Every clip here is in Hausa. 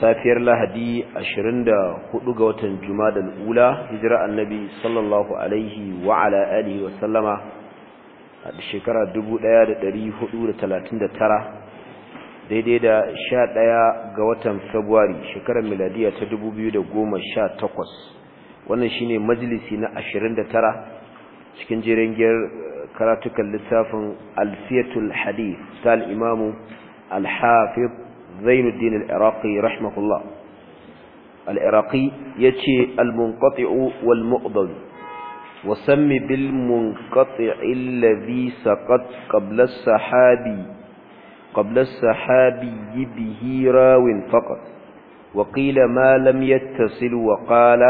safiyar lahadi 24 ga watan da ula hijira annabi sallallahu alaihi wa ala alihi wa sallama a shekara 1439 daidai da 11 ga watan february shekarar miladiya ta 2018 wannan shine majalisi na 29 cikin jirangiyar eh, karatukan littafin alfiyatul hadith tal imamu al زين الدين العراقي رحمه الله العراقي يتي المنقطع والمؤضل وسم بالمنقطع الذي سقط قبل السحابي قبل السحابي به راو فقط وقيل ما لم يتصل وقال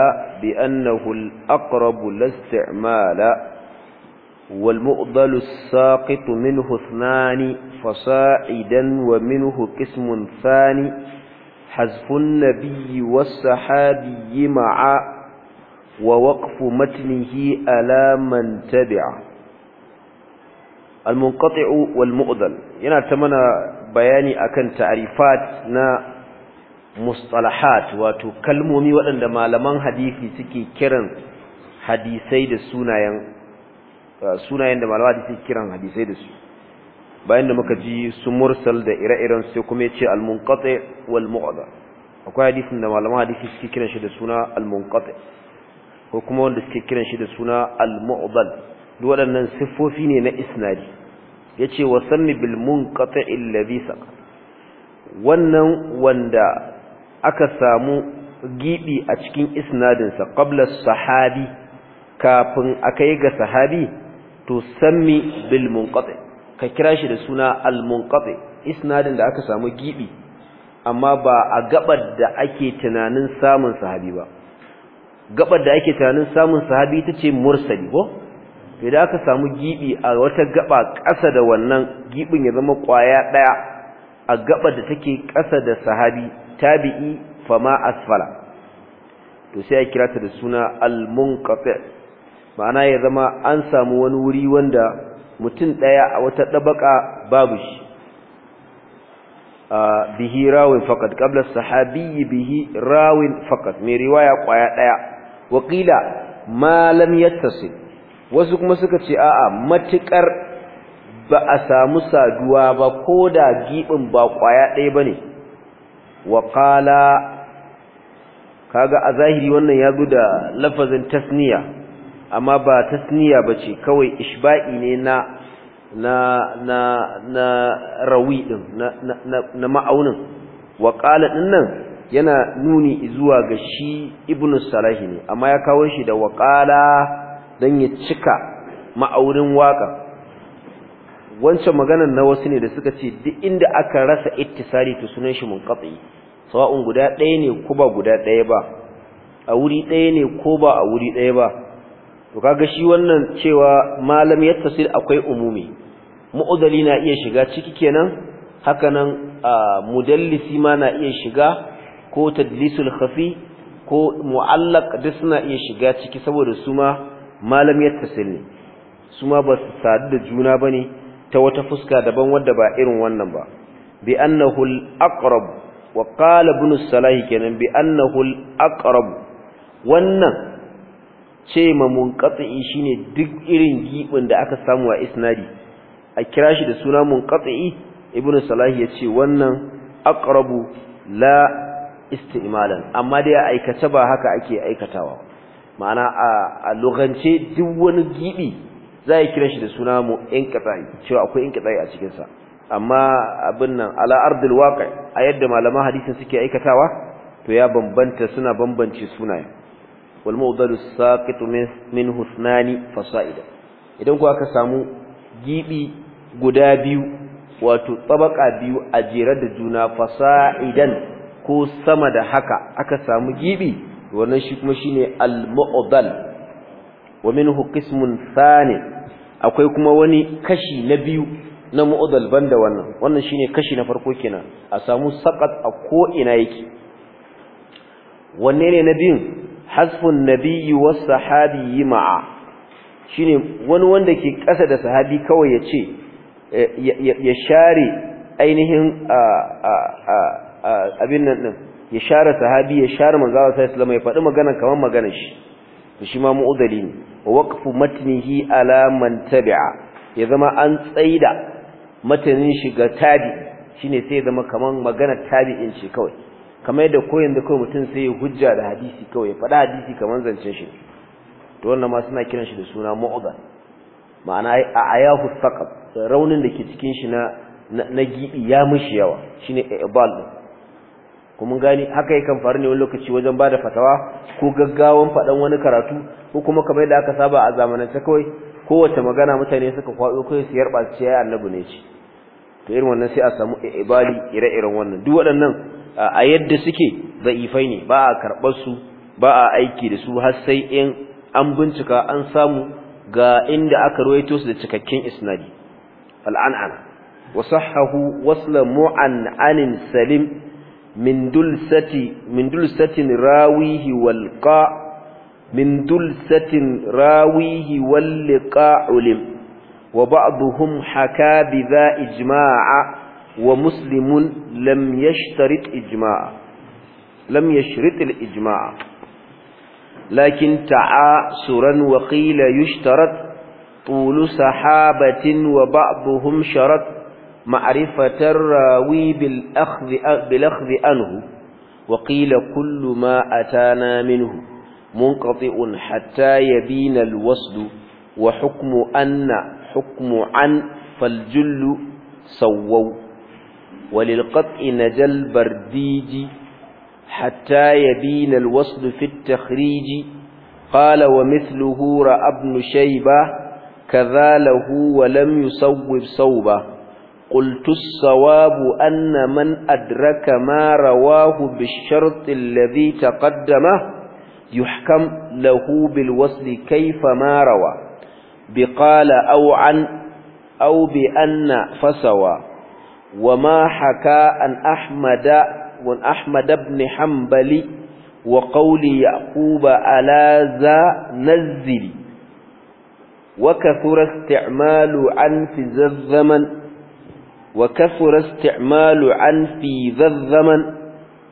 بأنه الأقرب لاستعمال والمؤضل الساقط منه اثنان فصاعدا ومنه قسم ثاني حذف النبي والصحابي معا ووقف متنه ألا من تبع المنقطع والمؤذل ينا تمنى بياني أكن تعريفات نا مصطلحات واتو كلمومي وأن لما لمن حديثي سكي كرن حديثي دسونا ين sunayen da malama da suke kiran hadisai da su bayan da muka ji su mursal da ire-iren sai kuma ya ce al-munqati wal mu'adha akwai hadisin da malama hadisi suke kiran shi da suna al-munqati ko kuma wanda suke kiran shi da suna al-mu'dal duk waɗannan siffofi ne na isnadi yace wa sanni bil munqati alladhi saqa wannan wanda aka samu gibi a cikin isnadinsa qabla sahabi kafin akai ga sahabi to sammi bil munqati ka kira shi da suna al munqati isnadin da aka samu gibi amma ba a gabar da ake tunanin samun sahabi ba gabar da ake tunanin samun sahabi ce mursali ko idan aka samu gibi a wata gaba ƙasa da wannan gibin ya zama kwaya ɗaya a gabar da take ƙasa da sahabi tabi'i fama asfala to sai a kira ta da suna al munqati ma'ana ya zama an samu wani wuri wanda mutum ɗaya a wata ɗabaƙa babu shi bihi rawin fakat ƙabla sahabiyi bihi rawin fakat mai riwaya ƙwaya ɗaya wakila malam yattasin wasu kuma suka ce a'a matuƙar ba a samu saduwa ba ko da giɓin ba ƙwaya ɗaya ba ne waƙala kaga a zahiri wannan ya zo da lafazin tasniya amma ba tasniya bace kawai ishba'i ne na na na na rawi din na na ma'aunin wa qala dinnan yana nuni zuwa ga shi ibnu salahi ne amma ya kawo shi da wa qala dan ya cika ma'aunin waka wancan maganar na wasu ne da suka ce duk inda aka rasa ittisari to sunan shi munqati sawa'un guda ɗaya ne ko ba guda ɗaya ba a wuri ɗaya ne ko ba a wuri ɗaya ba to kaga shi wannan cewa malam yattasil akwai umumi mu'adali na iya shiga ciki kenan hakanan mudallisi ma na iya shiga ko tadlisul khafi ko mu'allaq duk na iya shiga ciki saboda su ma malam yattasil ne su ba su sadu da juna bane ta wata fuska daban wadda ba irin wannan ba bi annahu al-aqrab wa qala ibn salahi kenan bi annahu al-aqrab wannan ce ma munqati shine duk irin gibin da aka samu a isnadi a kira shi da suna munqati ibnu salah ya ce wannan aqrabu la istimalan amma dai a aikace ba haka ake aikatawa ma'ana a lugance duk wani gibi za a kira shi da suna mu inqita'i cewa akwai inqita'i a cikin sa amma abin nan ala ardil waqi a yadda malaman hadisin suke aikatawa to ya bambanta suna bambance sunaye wal الساقط من min فصائد idan ku aka samu gibi guda biyu wato tabaka biyu a jere da juna fasaidan ko sama da haka aka samu gibi wannan shi kuma shine al mu'dal wa minhu qismun thani akwai kuma wani kashi na biyu na mu'dal banda wannan wannan shine kashi na farko kenan a samu saqat a ko ina yake wanne ne na biyun hasfun nabiyyi was sahabi ma'a shine wani wanda ke kasa da sahabi kawai ya ce eh, ya share ainihin ah, ah, ah, abin nan din ya share sahabi ya share manzo Allah sallallahu alaihi ya faɗi magana kamar maganar shi to shi ma mu'udali ne wa waqfu matnihi ala man tabi'a ya zama an tsaida matanin shi ga tabi shine sai ya zama kamar magana tabi'in shi kawai kamar da ko yanzu kawai mutum sai ya hujja da hadisi kawai ya faɗa hadisi kamar zancen shi to wannan ma suna kiran shi da suna mu'adhan ma'ana a ayahu thaqab raunin da ke cikin shi na na gibi ya mishi yawa shine ibal kuma gani haka yakan faru ne wani lokaci wajen bada fatawa ko gaggawan faɗan wani karatu ko kuma kamar da aka saba a zamanance kawai kowace magana mutane suka kwaɗo kai su yarba su ce ya annabi ne ce to irin wannan sai a samu ibali ire-iren wannan duk waɗannan a yadda suke za'ifai ne ba a karɓar su ba a aiki da su har sai in an bincika an samu ga inda aka ruwaito su da cikakken isnadi al'an'an wa sahhahu wasla mu'an'anin salim min dulsati min dulsatin rawihi wal qa min dulsatin rawihi wal liqa ulim wa ba'dhum haka bi dha ijma'a ومسلم لم يشترط إجماع لم يشرط الإجماع لكن تعاسرا وقيل يشترط طول سحابة وبعضهم شرط معرفة الراوي بالأخذ, بالأخذ أنه وقيل كل ما أتانا منه منقطع حتى يبين الوصل وحكم أن حكم عن فالجل سووا وللقطع نجل برديج حتى يبين الوصل في التخريج قال ومثله رأى ابن شيبة كذا له ولم يصوب صوبة قلت الصواب أن من أدرك ما رواه بالشرط الذي تقدمه يحكم له بالوصل كيف ما روى بقال أو عن أو بأن فسوى وما حكى أن أحمد وأن أحمد بن حنبل وقول يعقوب على ذا نزل وكثر استعمال عن في ذا الزمن وكثر استعمال عن في ذا الزمن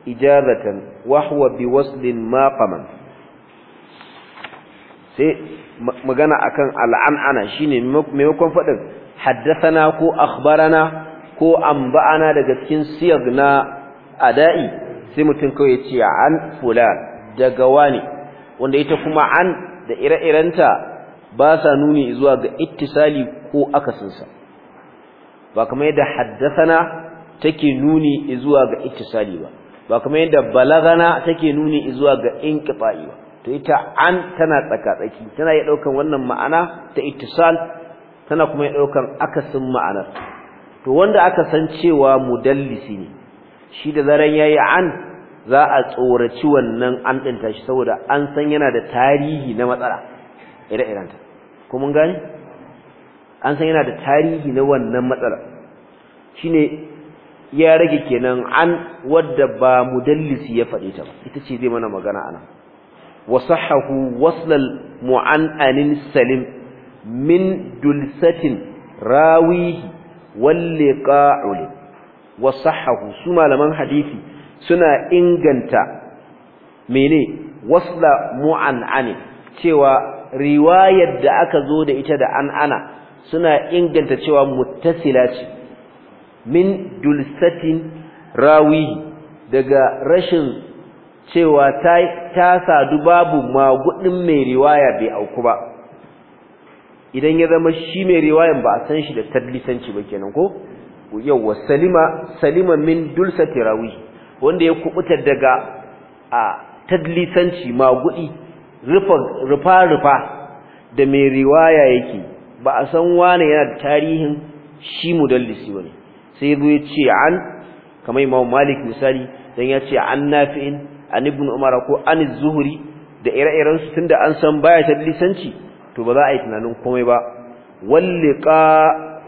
إجابة وهو بوصل ما قمن sai magana akan al'an'ana shine maimakon faɗin haddathana ko akhbarana ko an ba'ana daga cikin siyar na ada'i sai mutum kawai ce an fula daga wani wanda ita kuma an da ire-irenta ba sa nuni zuwa ga ittisali ko akasinsa ba kuma yadda haddasana take nuni zuwa ga ittisali ba ba kuma yadda balagana take nuni zuwa ga inqita'i ba to ita an tana tsakatsaki tana iya daukan wannan ma'ana ta ittisal tana kuma iya daukan akasin ma'anar to wanda aka san cewa mudallisi ne shi da zaran yayi an za a tsoraci wannan an din tashi saboda an san yana da tarihi na matsala ire ta, ko mun gane an san yana da tarihi na wannan matsala shine ya rage kenan an wadda ba mudallisi ya faɗi ta ba ita ce zai mana magana ana wasahahu waslal mu'annanin salim min dulsatin rawihi walliqa'ul wa sahahu su malaman hadisi suna inganta mene wasla mu'an'ani cewa riwayar da aka zo da ita da an'ana suna inganta cewa muttasila ce min dulsatin rawi daga rashin cewa ta sadu babu magudin mai riwaya bai auku ba idan ya zama shi mai riwayan ba a san shi da tadlisanci ba kenan ko yawa salima salima min dulsa tirawi wanda ya kubuta daga a tadlisanci magudi rufa rufa rufa da mai riwaya yake ba a san wane yana da tarihin shi mu dallisi bane sai zo ya ce an kamar Imam Malik misali dan ya ce an Nafi'in an Ibn Umar ko an Zuhuri da ire-iren su tunda an san baya tadlisanci to ba za a yi tunanin komai ba walliqa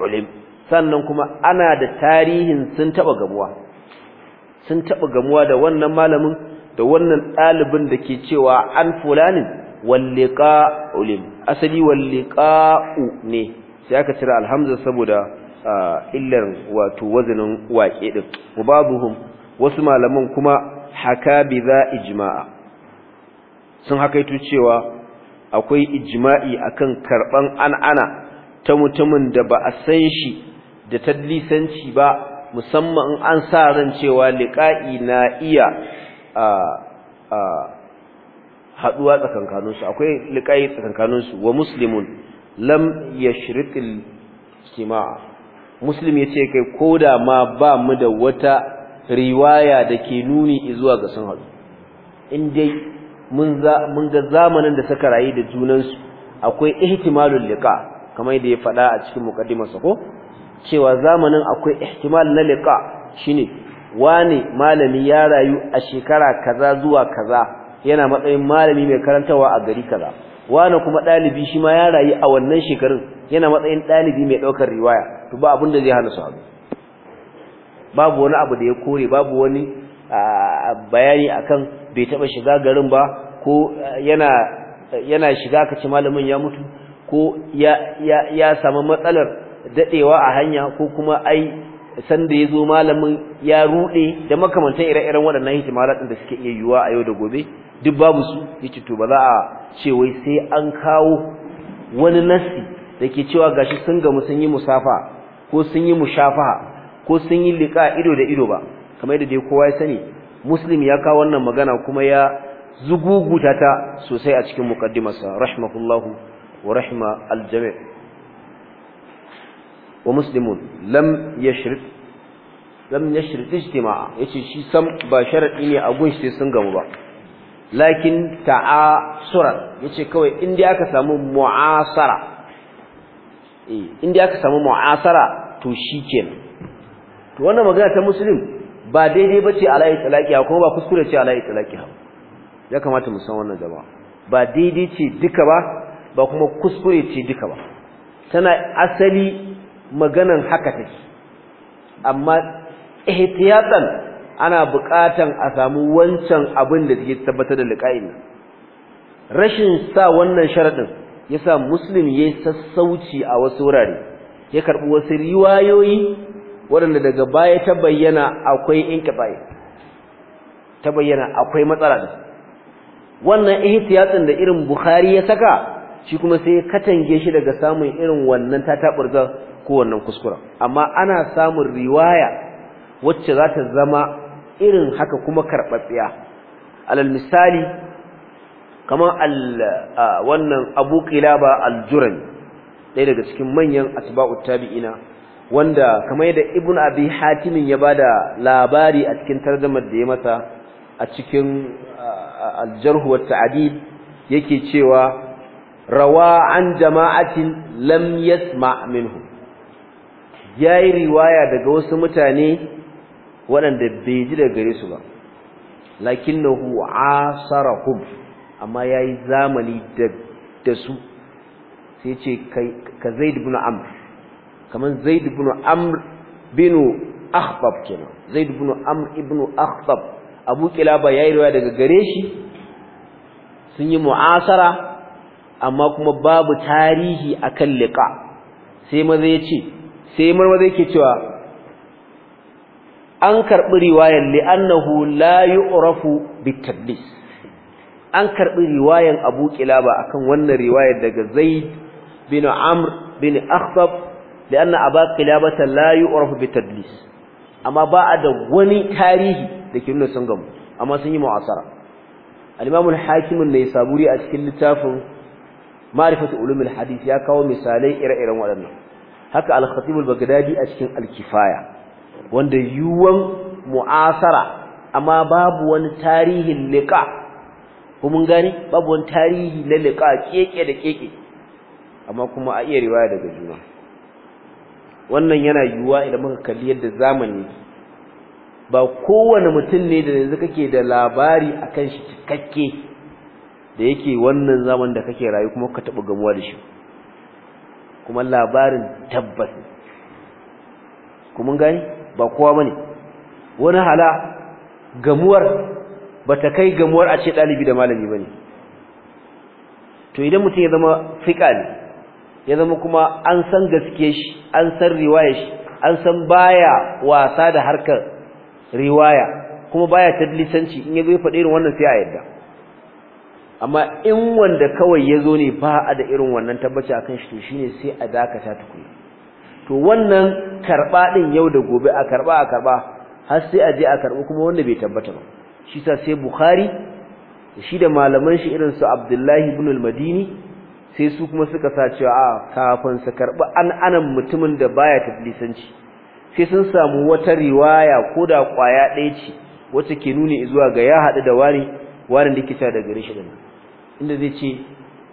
ulim sannan kuma ana da tarihin sun taba gamuwa sun taba gamuwa da wannan malamin da wannan ɗalibin da ke cewa an fulanin walliqa ulim asali u ne sai aka cire alhamza saboda illar wato wazanin waƙe din wababuhum wasu malaman kuma haka bi za ijma'a sun hakaito cewa akwai ijma'i akan karban an'ana ta mutumin da ba a san shi da tadlisanci ba musamman an sa ran cewa liqa'i na iya a a haduwa tsakankanin su akwai liqa'i tsakankanin su wa muslimun lam yashritil istima'a muslim yace kai koda ma ba mu da wata riwaya da ke nuni zuwa ga sun haɗu in dai mun ga zamanin da suka rayu da junansu akwai ihtimalul liqa kamar da ya faɗa a cikin muqaddimarsa ko cewa zamanin akwai ihtimal na liqa shine wani malami ya rayu a shekara kaza zuwa kaza yana matsayin malami mai karantawa a gari kaza wani kuma dalibi shi ma ya rayu a wannan shekarun yana matsayin dalibi mai daukar riwaya to ba abin da zai hana su abu babu wani abu da ya kore babu wani ah, bayani akan bai taba shiga garin ba ko eh, yana eh, yana shiga kace malamin ya mutu ko ya ya ya samu matsalar dadewa a hanya ko kuma ai san da yazo malamin ya rude da makamantan ire-iren waɗannan ihtimalatin da suke iya yuwa a yau da gobe duk babu su yace to ba za a ce wai sai an kawo wani nasi dake cewa gashi sun ga mu sun yi musafa ko sun yi mushafaha ko sun yi liqa ido da ido ba kamar yadda dai kowa ya sani muslim ya kawo wannan magana kuma ya zuguguta ta sosai a cikin muqaddimarsa rahmatullahi wa rahima aljami' wa muslimun lam yashrif lam yashrif ijtima'a yace shi sam ba sharadi ne a gunshi sai sun gamu ba lakin sura yace kawai in aka samu mu'asara eh in aka samu mu'asara to shikenan to wannan magana ta muslim ba daidai bace ala itlaqiha kuma ba kuskure ce ala itlaqiha ya kamata mu san wannan jama'a ba daidai ce duka ba ba kuma kuskure ce duka ba tana asali maganan haka take amma ihtiyatan ana buƙatan a samu wancan abin da take tabbatar da liqa'in rashin sa wannan sharadin yasa muslim yayi sassauci a wasu wurare ya karɓi wasu riwayoyi waɗanda daga baya ta bayyana akwai inkitai ta bayyana akwai matsala da wannan ihtiyatin da irin Bukhari ya saka shi kuma sai ya katange shi daga samun irin wannan ta tataburga ko wannan kuskura amma ana samun riwaya wacce za ta zama irin haka kuma karɓaɓɓiya alal misali kamar wannan Abu Qilaba al-Jurani ɗaya daga cikin manyan asba'u tabi'ina wanda kamar yadda ibn abi hatim ya bada labari a cikin tarjumar da ya mata a cikin al-jarh wa ta'dil yake cewa rawa an jama'atin lam yasma minhum yayi riwaya daga wasu mutane waɗanda bai ji daga gare su ba lakinnahu asarahum amma yayi zamani dasu, da su sai ce kai ka zaid ibn amr kamar zaid ibn amr bin akhbab kenan zaid ibn amr ibn akhbab abu kilaba yayi ruwa daga gare shi sun yi mu'asara amma kuma babu tarihi akan liqa sai maza ce sai marmaza yake cewa an karɓi riwayar li'annahu la yu'rafu bitadlis an karɓi riwayar Abu Kilaba akan wannan riwayar daga Zaid bin Amr bin akhbab لأن أبا قلابة لا يعرف بتدليس أما بعد وني تاريه لكي أنه سنقم أما سنجي معصرة الإمام الحاكم النيسابوري أتكل لتاف معرفة علم الحديث يا كاو مثالي إرى إرى وألنا هكا الخطيب البغدادي أتكل الكفاية واند يوم معصرة أما باب وان تاريه اللقاء ومن غاني باب وان تاريه للقاء كيكي لكيكي أما كما أي رواية دجونا wannan yana yiwuwa idan muka kalli yadda zamani ba kowane mutum ne da yanzu kake da labari akan shi cikakke da yake wannan zaman da kake rayu kuma ka taɓa gamuwa da shi kuma labarin tabbas kuma gani ba kowa bane wani hala gamuwar ta kai gamuwar a ce ɗalibi da malami bane to idan mutum ya zama fiƙa ne ya zama kuma an san gaske shi an san riwaya shi an san baya wasa da harkar riwaya kuma baya ta lisanci, in yazo ya faɗi irin wannan sai a yadda amma in wanda kawai yazo ne ba a da irin wannan tabbaci akan shi to shine sai a dakata tukuri to wannan karba din yau da gobe a karba a karba har sai a je a karba kuma wanda bai tabbata ba shi sa sai bukhari shi da malaman shi irin su abdullahi ibn al-madini sai su kuma suka sa cewa a ah, kafin su karbi an'anan mutumin da baya tadlisanci sai sun samu wata riwaya ko da kwaya ɗaya ce wacce ke nuni zuwa ga ya haɗu da wani wani likita da gare shi inda zai ce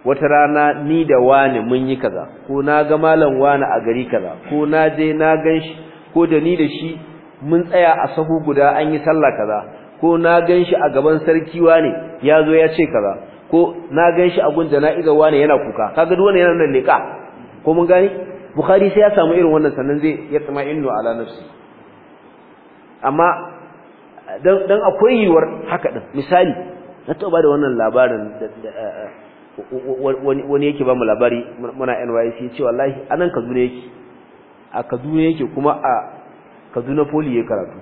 wata rana ni da wani mun yi kaza ko na ga malam wani a gari kaza ko na je na gan shi ko da ni da shi mun tsaya a sahu guda an yi sallah kaza ko na gan shi a gaban sarki wani ya zo ya ce kaza ko na gan shi a gun jana'izar wani yana kuka kaga duk wani yana nan ka ko mun gani bukhari sai ya samu irin wannan sannan zai ya tsama'innu ala nafsi amma dan akwai yiwuwar haka din misali na taba da wannan labarin wani yake ba mu labari muna NYC ce wallahi anan Kaduna yake a Kaduna yake kuma a Kaduna Poli ya karatu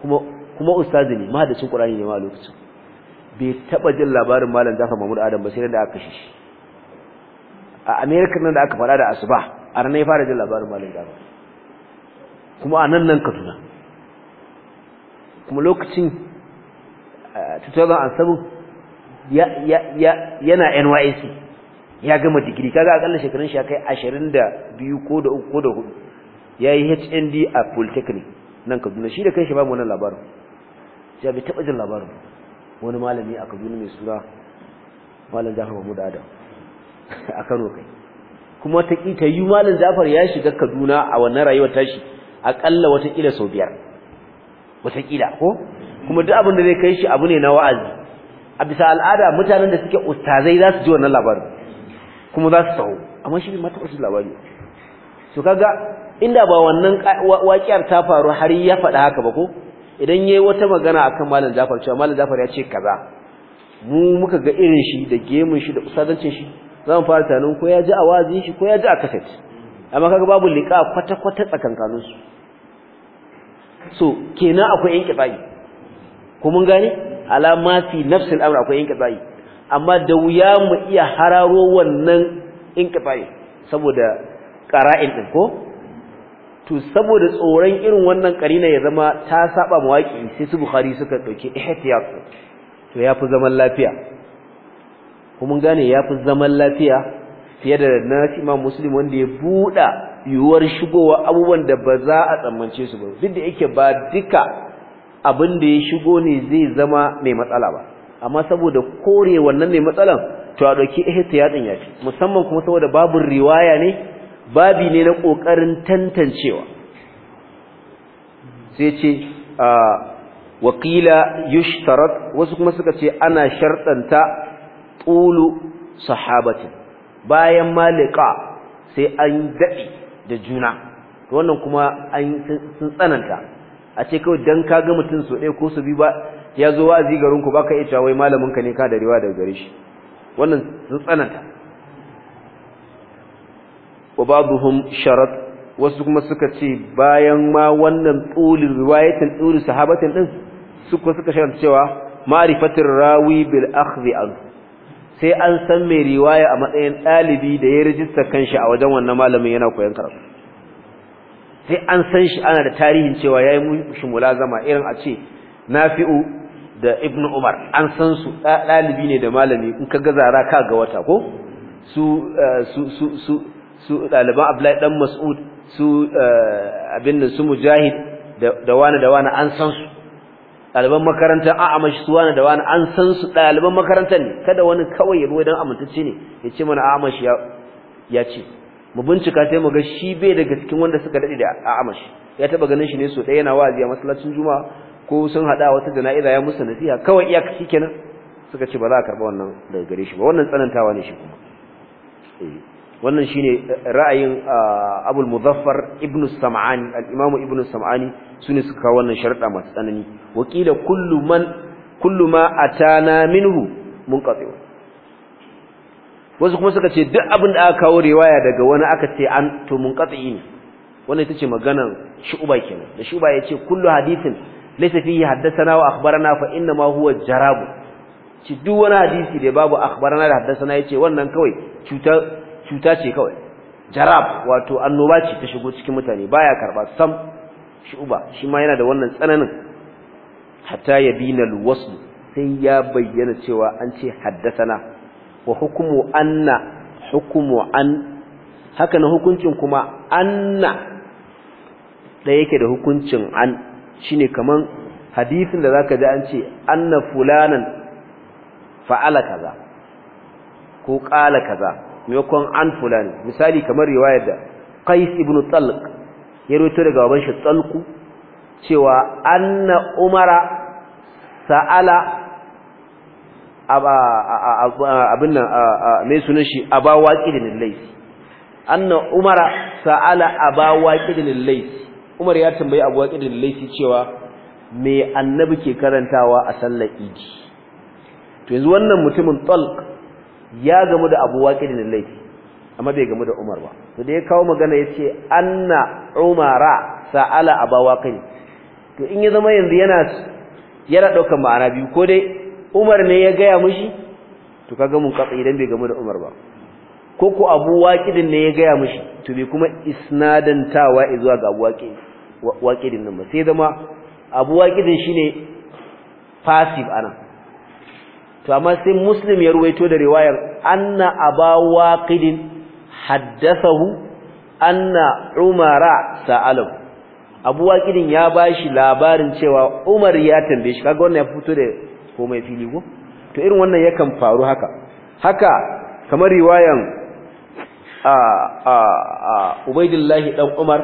kuma kuma ustazi ne Qur'ani ne ma a lokacin bai taba jin labarin malam Jafar Mahmud Adam ba sai da aka kashe shi a America nan da aka fara da asuba a ranar ya fara jin labarin malam Jafar kuma a nan nan Kaduna kuma lokacin 2007 eh, ya ya yana NYSC ya gama digiri kaga akalla shekarun shi ya kai 22 ko da 3 ko da 4 yayi HND a Polytechnic nan Kaduna shi da shi ba mu wannan labarin ya bai taba jin labarin wani malami a Kaduna mai sura malam Jafar Mahmud Adam a Kano kai kuma ta ƙi ta yi malam Jafar ya shiga Kaduna a wannan rayuwar tashi aƙalla watakila sau biyar watakila ko kuma duk abin da zai kai shi abu ne na wa'azi a bisa al'ada mutanen da suke ustazai za su ji wannan labarin kuma za su sau amma shi ne ma taɓa su labari to kaga inda ba wannan waƙiyar ta faru har ya faɗa haka ba ko idan yayi wata magana akan malam Jafar cewa malam Jafar ya ce kaza mu muka ga irin shi da gemun shi da usadancin shi zan fara tunanin ko ya ji a shi ko ya ji a kaset amma kaga babu liƙa kwata kwata tsakankanin so kenan akwai yin kitsayi ko mun gane alama fi nafsil amr akwai yin kitsayi amma da wuya mu iya hararo wannan yin kitsayi saboda qara'in din ko to saboda tsoron irin wannan karina ya zama ta saba mawaki sai su bukhari suka dauke ihtiyat to yafi zaman lafiya kuma gane yafi zaman lafiya fiye da na Imam Muslim wanda ya buɗa yuwar shigowa abubuwan da ba za a tsammance su ba duk da yake ba duka abin da ya shigo ne zai zama mai matsala ba amma saboda kore wannan ne matsalan to a dauki ihtiyatin yafi musamman kuma saboda babu riwaya ne babi ne na kokarin tantancewa sai ce a wakila yushtarat wasu kuma suka ce ana shartanta tulu sahabati bayan malika sai an dadi da juna wannan kuma an sun tsananta a ce kawai don ka ga mutum so ɗaya ko su bi ba ya zo wazi garin ku baka iya cewa wai malaminka ne ka da riwa daga gare shi wannan sun tsananta wa baduhum sharat wasu kuma suka ce bayan ma wannan tsulin riwayatin tsuli sahabatin din suka suka sharar cewa ma'rifatir rawi bil akhdhi an sai an san mai riwaya a matsayin dalibi da ya rijista kanshi a wajen wannan malamin yana koyon karatu sai an san shi ana da tarihin cewa yayi mushi mulazama irin a ce nafi'u da ibnu umar an san su ɗalibi ne da malami in ka ga zara ka ga wata ko su eh, su su su ɗaliban Abdullahi ɗan Mas'ud su eh, abin nan su Mujahid da wani da wani an san su ɗaliban makarantar amashi su wani da wani an san su ɗaliban makarantar ne kada wani kawai ya ruwa don amintacce ne ya ce mana a ya ya ce mu bincika sai mu ga shi bai daga cikin wanda suka dade da amashi ya taba ganin shi ne so ɗaya yana wazi a masallacin Juma'a ko sun hada wata jana'iza ya musu nasiha kawai iyaka kenan suka ce ba za a karba wannan daga gare shi ba wannan tsanantawa ne shi kuma eh. wannan shine ra'ayin Abul Muzaffar Ibn Sam'ani al-Imam Ibn Sam'ani sune suka kawo wannan sharuɗa masu tsanani wakila kullu man kullu ma atana minhu munqati wasu kuma suka ce duk abin da aka kawo riwaya daga wani aka ce an to munqati ne wannan ita ce maganar Shu'ba kenan da Shu'ba yace kullu hadithin laysa fihi haddathana wa akhbarana fa inna ma huwa jarabu ci duk wani hadisi da babu akhbarana da haddathana yace wannan kawai cutar cuta ce kawai jarab wato annoba ce ta shigo cikin mutane baya karba sam shi uba shi ma yana da wannan tsananin hatta bina alwasl sai ya bayyana cewa an ce haddathana wa hukumu anna hukumu an haka na hukuncin kuma anna da yake da hukuncin an shine kaman hadisin da zaka ji an ce anna fulanan fa'ala kaza ko qala kaza maimakon an fulani misali kamar riwayar da qais ibn talq ya rawaito daga baban shi talqu cewa anna umara sa'ala abin nan mai sunan shi aba da laysi anna umara sa'ala aba da laysi umar ya tambayi abu waqidin laysi cewa me annabi ke karantawa a sallar idi to yanzu wannan mutumin talq ya gamu da Abu Waqid da laifi amma bai gamu da Umar ba to da ya kawo magana yace anna Umara sa'ala Abu Waqid to in ya zama yanzu yana yana daukar ma'ana biyu ko dai Umar ne ya gaya mushi to kaga mun katsa idan bai gamu da Umar ba ko ku Abu Waqid ne ya gaya mushi to bai kuma isnadantawa zuwa ga Abu Waqid Waqidin nan ba sai zama Abu Waqidin shine passive anan to amma sai muslim ya ruwaito da riwayar anna aba waqid haddathahu anna umara sa'alu abu waqid ya bashi labarin cewa umar ya tambaye shi kaga wannan ya fito da komai fili go to irin wannan yakan faru haka haka kamar riwayan a a ubaidillahi dan umar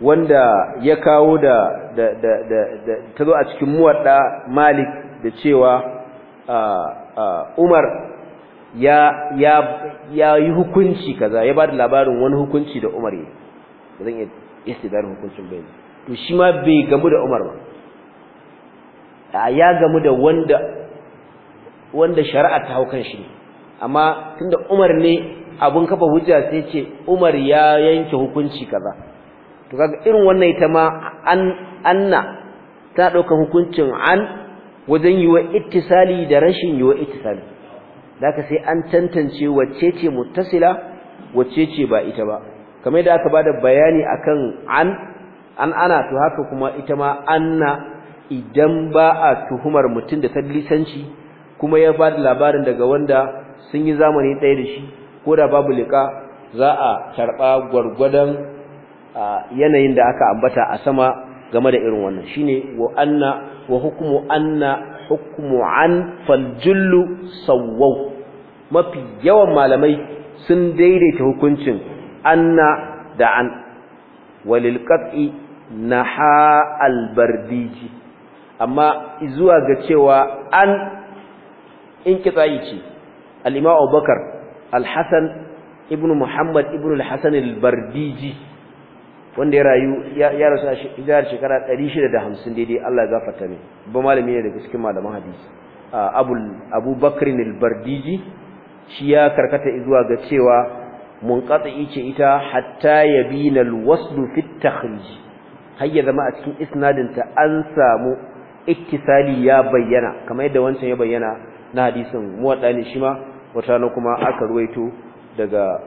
wanda ya kawo da da da, da, da tazo a cikin muwadda malik da cewa Umar ya yi hukunci kaza ya da labarin wani hukunci da Umar ya zan iya istidar hukuncin bai to shi ma bai gamu da Umar ba ya gamu da wanda shari'a ta haukan shi amma tun da Umar ne abun kafa hujja sai ce Umar ya yanke hukunci kaza to kaga irin wannan ita ma an anna ta dauka hukuncin an wajen yiwa ittisali da rashin yiwa ittisali ka sai an tantance wacce ce mutasila wacce ce ba ita ba kamar da aka bada bayani akan an an ana to haka kuma ita ma anna idan ba a tuhumar mutum da tadlisanci kuma ya bada labarin daga wanda sun yi zamani ɗaya da shi ko da babu liƙa za a karɓa gwargwadon yanayin da aka ambata a sama game da irin wannan shine wa anna wa hukumu anna hukmu an faljullu sawwau mafi yawan malamai sun daidaita hukuncin anna da an walil qat'i naha albardiji amma zuwa ga cewa an inqita'i ce al-imam Abubakar al-Hasan ibn Muhammad ibn al-Hasan al-Bardiji wanda ya rayu ya rasu a shida shekara 650 daidai Allah ya gafarta ne babban malami ne daga cikin malaman hadisi abu bakr al-bardiji shi ya karkata zuwa ga cewa munqati ice ita hatta ya bi na fi at-takhrij har ya zama a cikin isnadin ta an samu ittisali ya bayyana kamar yadda wancan ya bayyana na hadisin muwaddani shi ma wata kuma aka ruwaito daga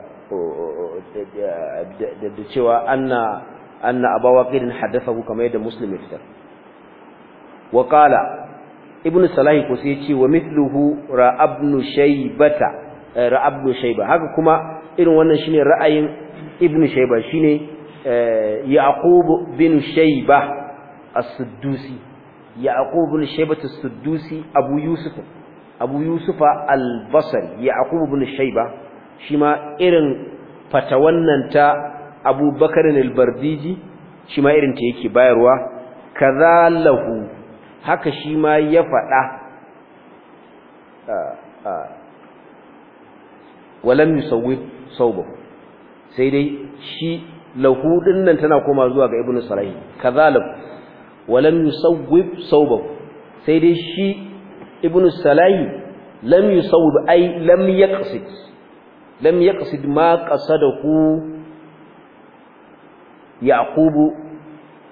da cewa anna anna abawaqir hadathahu kamar yadda muslim ya fitar wa qala ibnu salah ko sai ce wa mithluhu ra'abnu shaybata eh, ra'abnu shayba haka kuma irin wannan shine ra'ayin ibnu shayba shine eh, yaqub bin shayba as-suddusi yaqub bin shayba as-suddusi abu yusuf abu yusufa al-basri yaqub bin shayba shi ma irin fata wannan ta abubakar albardiji shi ma irin ta yake bayarwa lahu. haka shi ma ya faɗa walam yusawwib sauba sai dai shi lahu dinnan tana koma zuwa ga ibnu sarahi kazalahu walam yusawwib sauba sai dai shi ibn sarahi lam yusawwib ai lam yaqsid lam yaqsid ma qasadahu yaqub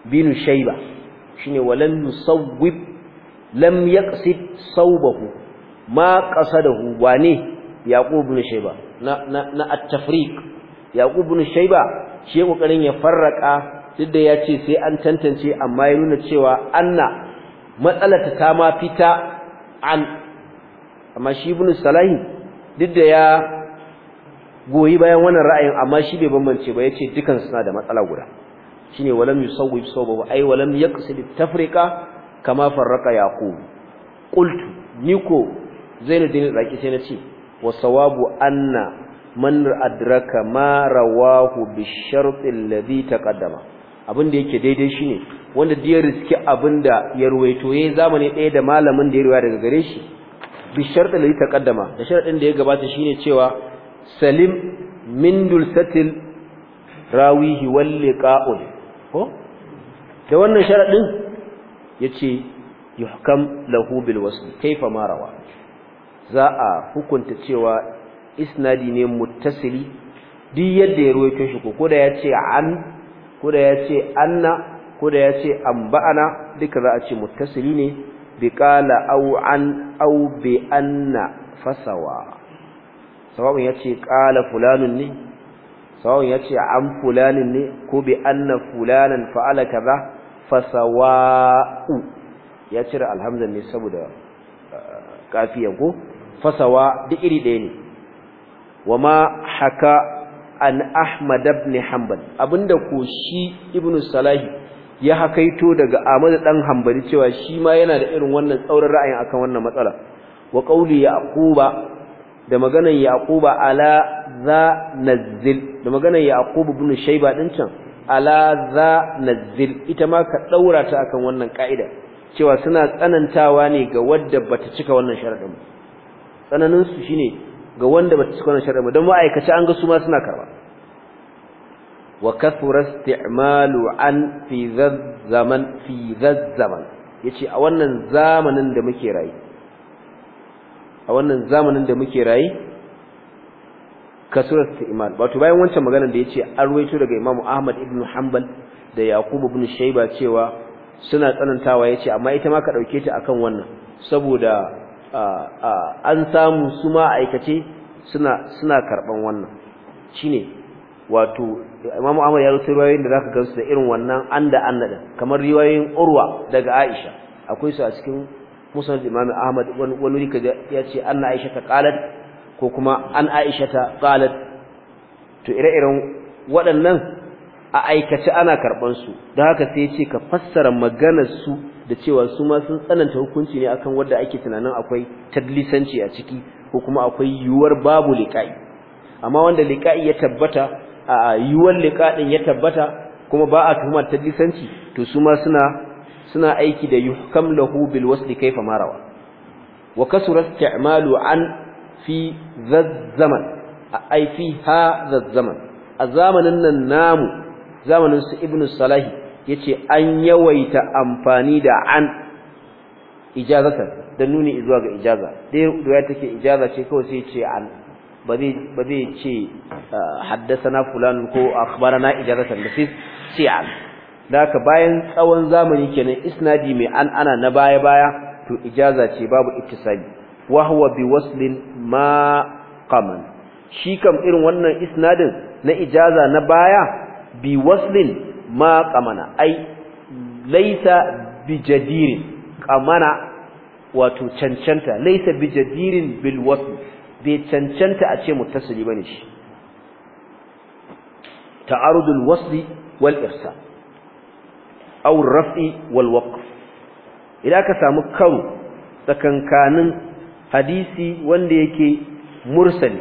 bin shayba shine walan yusawwib lam yaqsid sawbahu ma qasadahu wane yaqub bin shayba na na, na at-tafriq bin shayba shi kokarin ya farraka duk da ya ce sai an tantance amma ya nuna cewa anna matsalata ta ma fita an amma shi ibn salahi duk da ya goyi bayan wannan ra'ayin amma shi bai bambance ba yace dukan suna da matsala guda shine walam yusawwib sawbahu ay walam yaqsid tafrika kama farraqa yaqub qultu niko zainuddin raki sai nace wa sawabu anna man adraka ma rawahu bi shart alladhi taqaddama da yake daidai shine wanda da riski abinda ya ruwaito yayin zamani ɗaya da malamin da ya ruwa daga gare shi bi shart alladhi taqaddama da sharadin da ya gabata shine cewa salim min dulsatil rawihi wal liqa'un ko da wannan sharadin yace yuhkam lahu bil wasl kayfa ma rawa za a hukunta cewa isnadi ne muttasili duk yadda ya ruwaito shi ko da yace an ko da yace anna ko da yace amba'ana duka za a ce muttasili ne bi qala aw an aw bi anna fasawa ya ce ƙala fulanun ne ya ce an fulanin ne ko bi anna fulanan fa'ala kaza fasawa'u ya cire alhamdan ne saboda eh, kafiyan ko fasawa duk iri ɗaya ne wa ma haka an ahmad ibn hanbal abinda ko shi ibn salahi ya hakaito daga amadu dan hanbali cewa shi ma yana da irin wannan tsaurin ra'ayin akan wannan matsala wa ya yaquba da maganan yaquba ala za nazzil da maganar yaqub ibn shayba din can ala za nazzil ita ma ka daura ta akan wannan kaida cewa suna tsanantawa ne ga wanda bata cika wannan sharadin tsananin su shine ga wanda bata cika wannan sharadin don ma'aikaci an ga su ma suna karba wa kathura isti'malu an fi zaman fi zaman yace a wannan zamanin da muke rayu a wannan zamanin da muke rayi kasurat iman wato bayan wancan maganar da ya ce an arwaito daga Imam Ahmad ibn Hanbal da yakubu ibn shaiba cewa suna tsanantawa yace amma ita ma ka dauke ta akan wannan saboda an samu su ma aikace suna suna karban wannan shine wato Imam Ahmad ya rubuta riwayoyin da zaka gansu da irin wannan an da annada kamar riwayoyin Urwa daga Aisha akwai su a cikin musnad imam ahmad wani wani kaga yace anna aisha ta qalat ko kuma an aisha ta qalat to ire-iren waɗannan a aikace ana karban su don haka sai yace ka fassara maganar su da cewa su ma sun tsananta hukunci ne akan wanda ake tunanin akwai tadlisanci a ciki ko kuma akwai yuwar babu liqa'i amma wanda liqa'i ya tabbata a yuwar liqa'in ya tabbata kuma ba a tuhumar tadlisanci to su ma suna suna aiki da yuhkam lahu bil wasli kayfa marawa wa kasura isti'malu an fi zaman ai fi hadha zaman a zamanin nan namu zamanin su ibnu salahi yace an yawaita amfani da an ijazata da nuni zuwa ga ijaza dai doya take ijaza ce kawai sai ce an ba zai ce ah, haddasa na fulan ko akhbarana ijazatan da sai ce an da haka bayan tsawon zamani kenan isnadi mai an ana na baya baya to ijaza ce babu ittisali wa huwa bi waslin ma qaman shi kam irin wannan isnadin na ijaza na baya bi waslin ma qamana ai laisa bi jadirin qamana wato cancanta laisa bi jadirin bil wasl bai cancanta a ce muttasili bane shi ta'arudul wasli wal irsal aw raf'i wal waqf idan ka samu karo tsakankanin hadisi wanda yake mursali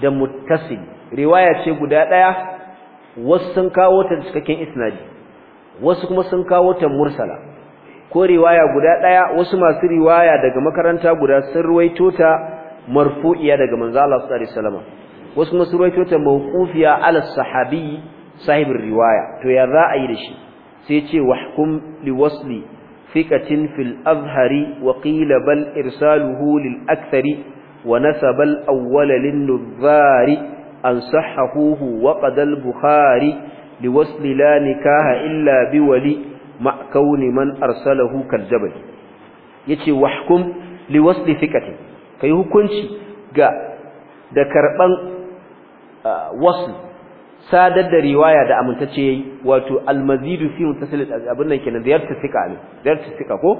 da muttasil riwaya ce guda daya wasu sun kawo ta cikakken isnadi wasu kuma sun kawo ta mursala ko riwaya guda daya wasu masu riwaya daga makaranta guda sun ruwaito ta marfu'iya daga manzo Allah sallallahu alaihi wasu masu ruwaito ta mawqufiya ala sahabi sahibin riwaya to ya za a yi da shi sai ce wahkum liwasli fiqatin fil azhari wa qila bal irsaluhu lil akthari wa nasaba al awwal lin nuzari an sahahuhu wa qad al bukhari liwasli la nikaha illa bi wali ma kauni man arsalahu kal jabal yace wahkum liwasli fiqatin kai hukunci ga da karban ah, wasl sadar da riwaya da amintacce yayi wato almazidu fi mutasil abin nan kenan ziyarta sika ne ziyarta sika ko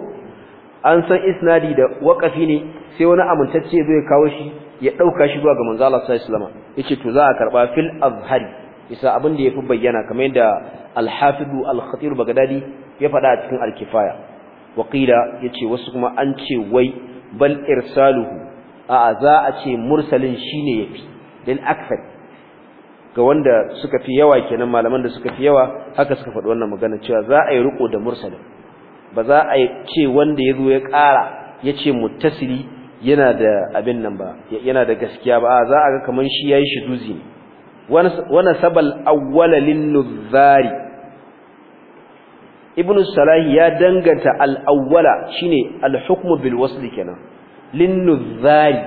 an san isnadi da waqafi ne sai wani amintacce zai kawo shi ya dauka shi zuwa ga manzo Allah sallallahu alaihi wasallam yace to za a karba fil azhari isa abin da yafi bayyana kamar yadda al-hafiz al bagdadi ya faɗa a cikin alkifaya kifaya waqila yace wasu kuma an ce wai bal irsaluhu a za a ce mursalin shine yafi lil akthar ga wanda suka fi yawa kenan malaman da suka fi yawa haka suka faɗi wannan magana cewa za a yi riko da mursalin ba za a ce wanda ya zo ya ƙara ya ce muttasili yana da abin nan ba yana da gaskiya ba za a ga kamar shi ya yi shi duzi ne wana sabal awwala linnuzari ibnu salahi ya danganta al-awwala shine al hukmu bil wasl kenan linnuzari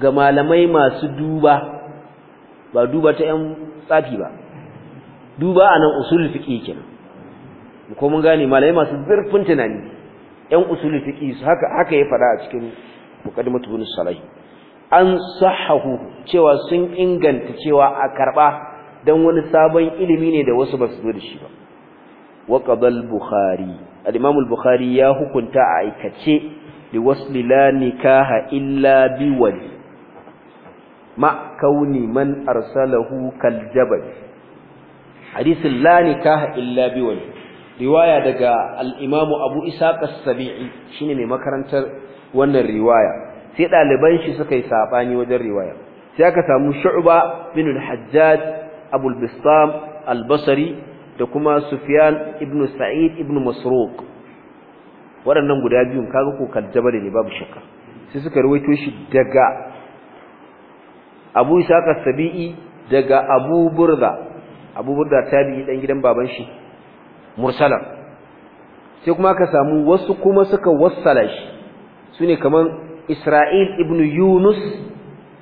ga malamai masu duba ba duba ta yan tsafi ba duba anan usulul fiqi kenan ko mun gane malai masu zurfin tunani yan usulul su haka haka ya fada a cikin muqaddimatu bin salih an sahahu cewa sun inganta cewa a karba dan wani sabon ilimi ne da wasu ba su zo da shi ba wa qabal bukhari al-imam al-bukhari ya hukunta a aikace li wasli la nikaha illa bi wali ma kauni man arsalahu kal jabal hadisin la nikaha illa bi riwaya daga al imamu abu isaq as shine mai makarantar wannan riwaya sai daliban shi suka yi sabani wajen riwaya sai aka samu shu'ba bin al-hajjaj al basri da kuma sufyan Ibnu sa'id ibn masruq waɗannan guda biyun kaga ko kaljaba ne babu shakka sai suka rawaito shi daga abu isaka sabi'i daga abu burda abu burda tabi'i dan gidan baban shi mursalan sai kuma aka samu wasu kuma suka wassala shi sune kaman isra'il ibn yunus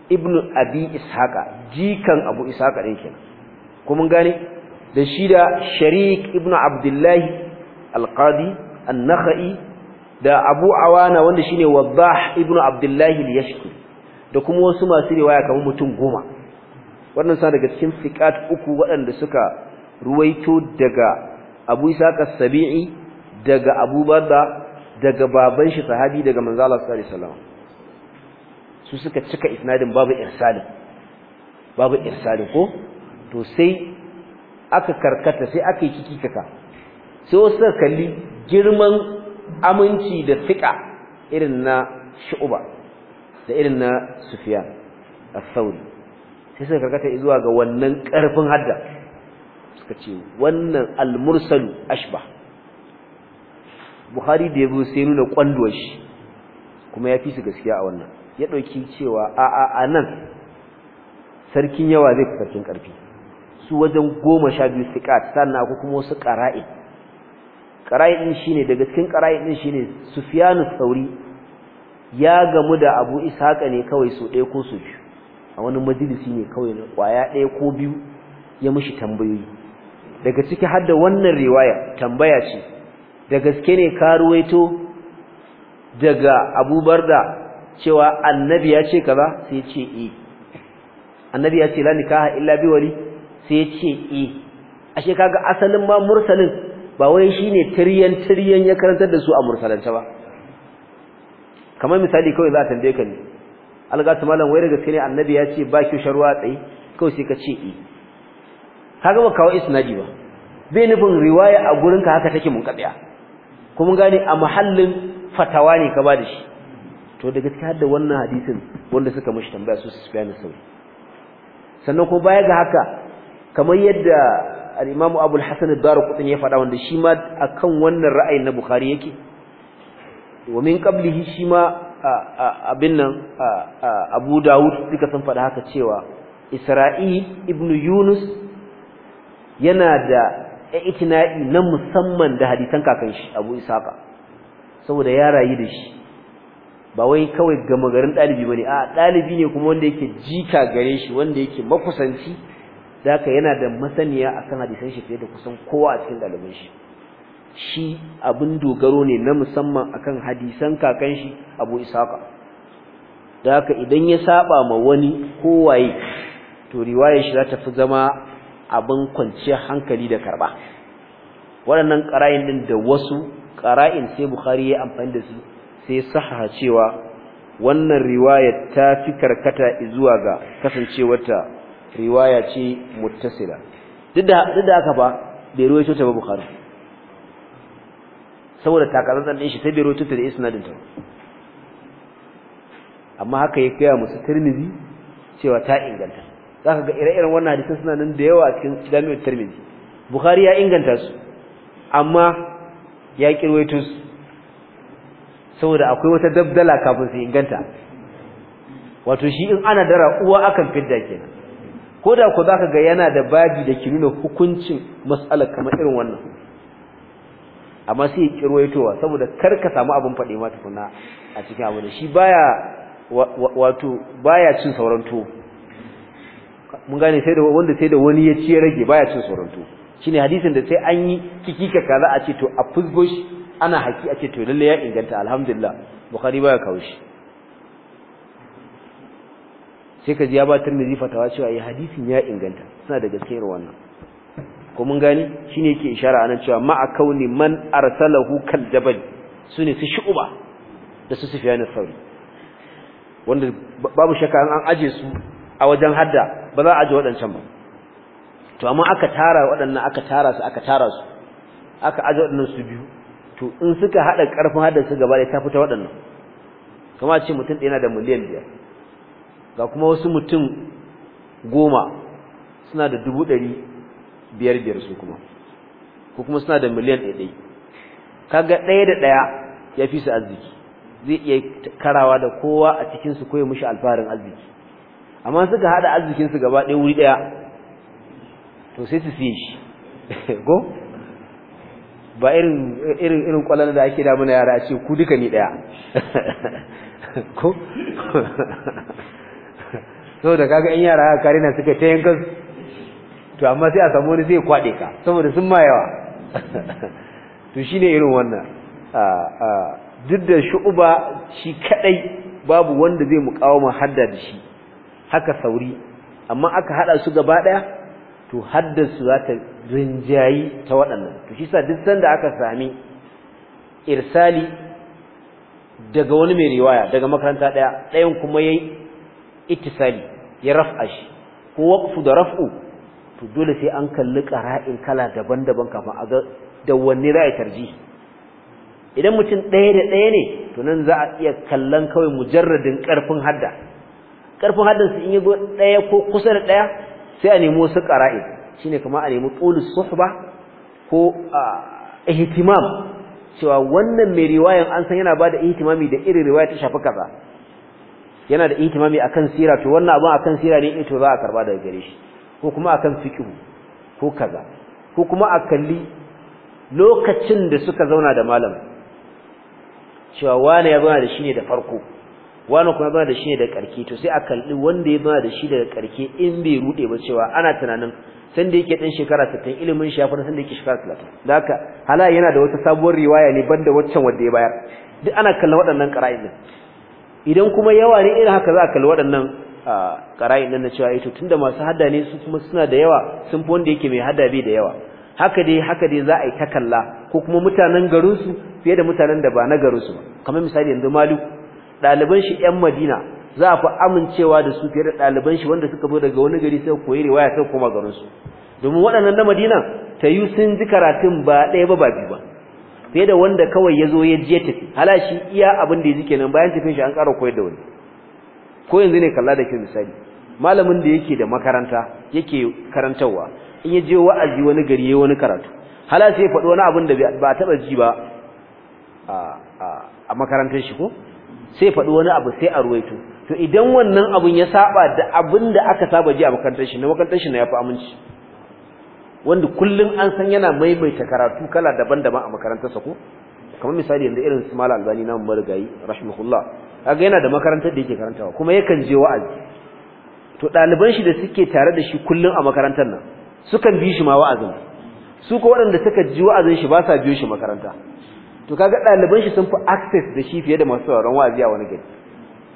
ibn abi ishaqa jikan abu ishaqa din kenan ko mun gane da shi da sharik ibn Al-Qadi an-nakhai da abu awana wanda shine wadah ibn abdullahi al-yashki da kuma wasu masu riwaya kamar mutum goma wannan sa daga cikin fiqat uku waɗanda suka ruwaito daga Abu Isa as-Sabi'i daga Abu Barda daga baban shi sahabi daga manzo Allah sallallahu alaihi su suka cika isnadin babu irsalin babu irsalin ko to sai aka karkata sai aka yi kiki kaka sai wasu suka kalli girman aminci da fiqa irin na shu'ba da irin na Sufyan al-Thawri sai suka karkata zuwa ga wannan karfin hadda suka ce wannan al ashba. Buhari da yabo sai nuna kwandon shi kuma ya fi su gaskiya a wannan ya dauki cewa a a nan sarkin yawa zai fi sarkin karfi su wajen goma sha biyu sikat sannan akwai kuma wasu qara'i qara'i din shine daga cikin qara'i ɗin shine Sufyanu sauri. ya gamu da Abu ishaƙa ne kawai su ɗaya ko su biyu a wani majalisi ne kawai na kwaya ɗaya ko biyu ya mishi tambayoyi daga ciki har da wannan riwaya tambaya ce da gaske ne ka ruwaito daga abubar da cewa annabi ya ce kaza sai ya ce e annabi ya ce la nikaha illa bi wali sai ya ce e ashe kaga asalin ma mursalin ba wai shine tiryan tiryan ya karantar da su a mursalanta ba kamar misali kawai za a tambaye ka ne algatu malam wai daga gaske ne annabi ya ce ba ki sharwa tsayi kawai sai ka ce e eh. kaga ba kawo isnadi ba bai nufin riwaya a gurin ka haka take mun kadiya kuma gane a mahallin fatawa ne ka ba da shi to da gaske har da wannan hadisin wanda suka mishi tambaya su su bayyana sau sannan ko baya ga haka kamar yadda al-Imam Abu al-Hasan ad ya faɗa wanda shi ma akan wannan ra'ayin na Bukhari yake wa min qablihi shi ma abin nan Abu Dawud suka sun faɗa haka cewa Isra'il ibn Yunus yana da itina'i na musamman da hadisan kakan shi Abu Isaka saboda ya rayu da shi ba wai kawai gama garin ɗalibi ba ne, a ɗalibi ne kuma wanda yake jika gare shi wanda yake makusanci da haka yana da masaniya akan hadisan shi fiye da kusan kowa a cikin ɗaliban shi shi abin dogaro ne na musamman akan hadisan kakan shi Abu Isaka da haka idan ya saba ma wani kowaye to riwaya shi za ta fi zama abin kwanciyar hankali da karba waɗannan ƙara'in din da wasu ƙara'in sai Bukhari ya amfani da su sai sahaha cewa wannan riwaya ta fi karkata zuwa ga kasancewarta riwaya ce muttasila duk da haka ba bai ruwaito ta ba Bukhari saboda takazantsan din shi sai bai rawaito da isnadin ta amma haka ya kai musu Tirmidhi cewa ta inganta zaka ga ire-iren wannan hadisin suna nan da yawa cikin Jami'ul Tirmidhi Bukhari ya inganta su amma ya kirwaito su saboda akwai wata dabdala kafin su inganta wato shi in ana dara uwa akan fidda kenan da ku zaka ga yana da babi da ke nuna hukuncin mas'alar kamar irin wannan amma sai ya saboda kar ka samu abin faɗe ma tukuna a cikin abu shi baya wato baya cin sauranto mun gane sai da wanda sai da wani ya ci ya rage baya cin sauranto shine hadisin da sai an yi kikika kaza a ce to a fusgo shi ana haki a ce to lalle ya inganta alhamdulillah bukhari baya kawo shi sai ka ji ya ba tirmidhi fatawa cewa ya eh, hadisin ya inganta suna da gaskiyar wannan ko mun gani shine yake ishara anan cewa ma'a kauni man arsalahu kal jabal sune su shu'uba da su sufyan sauri wanda babu shakka an aje su a wajen hadda ba za a aje wadancan ba to amma aka tara wadannan aka tara su aka tara su aka aje wadannan su biyu to in suka hada karfin hadda su gaba da ta fita wadannan kamar ce mutum ɗaya yana da miliyan biyar ga kuma wasu mutum goma suna da dubu ɗari biyar biyar su kuma ko kuma suna da miliyan ɗaya ɗaya kaga ɗaya da ɗaya ya fi su arziki zai iya karawa da kowa a cikin su koyi mushi alfarin arziki amma suka hada arzikin su gaba ɗaya wuri ɗaya to sai su siye shi ko ba irin irin irin kwallon da ake da muna yara a ce ku duka ni ɗaya ko saboda kaga in yara haka karina suka ta yankan to amma sai a samu wani zai kwade ka saboda sun ma yawa to shine irin wannan duk da shu'uba shi kadai babu wanda zai muqawama hadda da shi haka sauri amma aka hada su gaba daya to haddar su za ta rinjayi ta waɗannan to shi sa duk sanda aka sami irsali daga wani mai riwaya daga makaranta daya ɗayan kuma yayi ittisali ya raf'a shi ko waqfu da raf'u to dole sai an kalli qara'in kala daban-daban kafin a ga da wanne za a tarjihi idan mutum ɗaya da ɗaya ne to nan za a iya kallon kawai mujarradin ƙarfin hadda ƙarfin haddan su in ya zo ɗaya ko kusa da ɗaya sai a nemi wasu qara'in shine kamar a nemi qulus suhba ko ihtimam cewa wannan mai riwayan an san yana bada ihtimami da irin riwaya ta shafi kaza yana da ihtimami akan sira to wannan abun akan sira ne ito eh, za a karba daga gare shi ko kuma akan fiqh ko kaza ko kuma a kalli lokacin da suka zauna da malam cewa wani ya zauna da shi ne da farko wani kuma zauna da shi ne da karke to sai a kalli wanda ya zauna da shi daga karke in bai rude ba cewa ana tunanin san da yake dan shekara 60 ilimin shi ya fara san da yake shekara 30 da haka hala yana da wata sabuwar riwaya ne banda waccan wanda ya bayar duk ana kallon waɗannan qara'in idan kuma yawa ne irin haka za a kalli waɗannan ƙara'in ɗin na cewa ito eh, tunda masu hada ne su kuma suna da yawa sun fi wanda yake mai hada bai da yawa haka dai haka dai za a yi ta kalla ko kuma mutanen garinsu fiye da mutanen da ba na garinsu ba kamar misali yanzu malu ɗaliban shi 'yan madina za a fi amincewa da su fiye da ɗaliban shi wanda suka zo daga wani gari sai koyi riwaya sai koma su domin waɗannan na madina ta yi sun ji karatun ba ɗaya ba ba biyu ba fiye da wanda kawai ya zo ya je tafi hala shi iya abin da ya ji kenan bayan tafin shi an ƙara koyar da wani ko yanzu ne kalla da kyau misali malamin da yake da makaranta yake karantarwa in ya je wa'azi wani gari yayi wani karatu hala sai faɗo wani abin da ba taba ji ba a makarantar shi ko sai faɗo wani abu sai a ruwaito to idan wannan abun ya saba da abin da aka saba ji a makarantar shi na makarantar shi na yafi aminci wanda kullum an san yana maimaita karatu kala daban-daban a makarantarsa ko kamar misali yanzu irin su malam albani na marigayi rahimahullah kaga yana da makarantar da yake karantawa kuma yakan je wa'azi to ɗaliban shi da suke tare da shi kullum a makarantar nan sukan bi shi ma wa'azin su ko waɗanda suka ji wa'azin shi ba sa biyo shi makaranta to kaga ɗaliban shi sun fi access da shi fiye da masu sauraron wa'azi a wani gari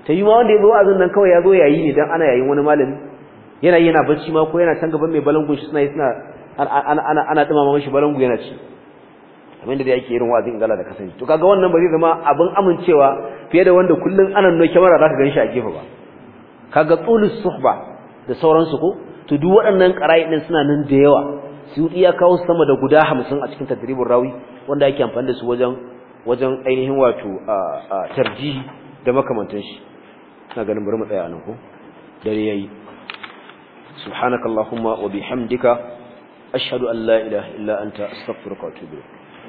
ta yi ma wanda ya zo wa'azin nan kawai ya zo yayi ne dan ana yayin wani malami yana yana bacci ma ko yana can gaban mai balangun shi suna yi suna ana ana ana dumama balangu yana ci abinda da yake irin wazin gala da kasance to kaga wannan ba zai zama abin amincewa fiye da wanda kullun ana no kamera zaka ganshi a gefe ba kaga tsulus suhba da sauransu ko to duk waɗannan ƙarayi din suna nan da yawa yi ya kawo sama da guda 50 a cikin tadribul rawi wanda ake amfani da su wajen wajen ainihin wato tarji da makamantan shi ina ganin bari mu tsaya nan ko dare yayi subhanakallahumma wa bihamdika ashhadu an la ilaha illa anta astaghfiruka wa atubu ilayk